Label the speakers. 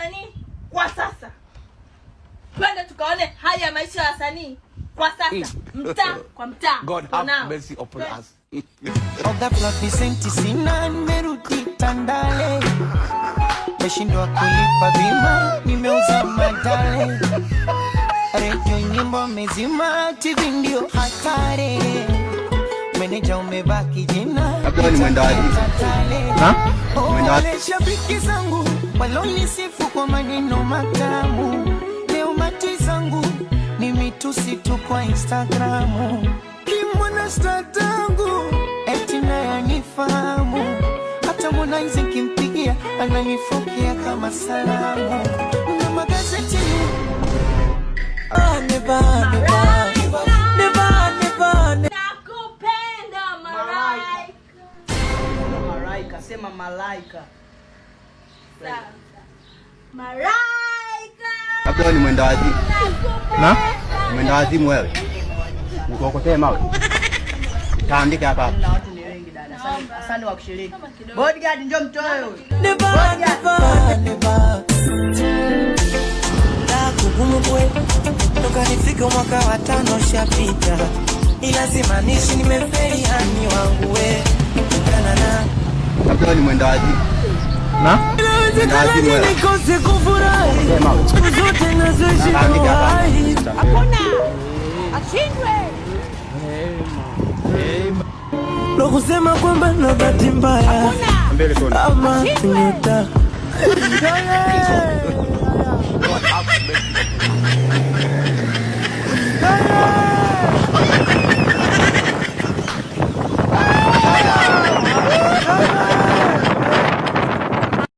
Speaker 1: wasanii kwa sasa, twende tukaone hali ya maisha ya wasanii kwa sasa, mtaa kwa mtaa. God have
Speaker 2: mercy upon us.
Speaker 3: Nimerudi Tandale, meshindwa kulipa bima, nimeuza madale, redio nyimbo mezima, TV ndio hatare, meneja umebaki jina shabiki zangu walonisifu kwa maneno matamu. Leo mati zangu ni mitusi tu kwa Instagramu. Kimwana sta tangu eti naye anifahamu, hata Harmonize kimpigia ananifokea kama salamu na magazeti oh, neba, neba.
Speaker 4: Malaika, sema malaika. Sawa.
Speaker 1: Labda ni mwenda wazimu.
Speaker 3: Na? Mwenda wazimu wewe. Ukokotee mawe. Taandika hapa Asante kwa kushiriki. Bodyguard ndio mtoe huyo. Toka nifike mwaka wa tano shapita ila simaanishi nimefeli ani
Speaker 1: wangu we.
Speaker 5: Labda ni mwenda wazimu. Na?
Speaker 3: Inawezekanaje nikose kufurahi zote kusema kwamba na bahati mbaya
Speaker 1: ama nyota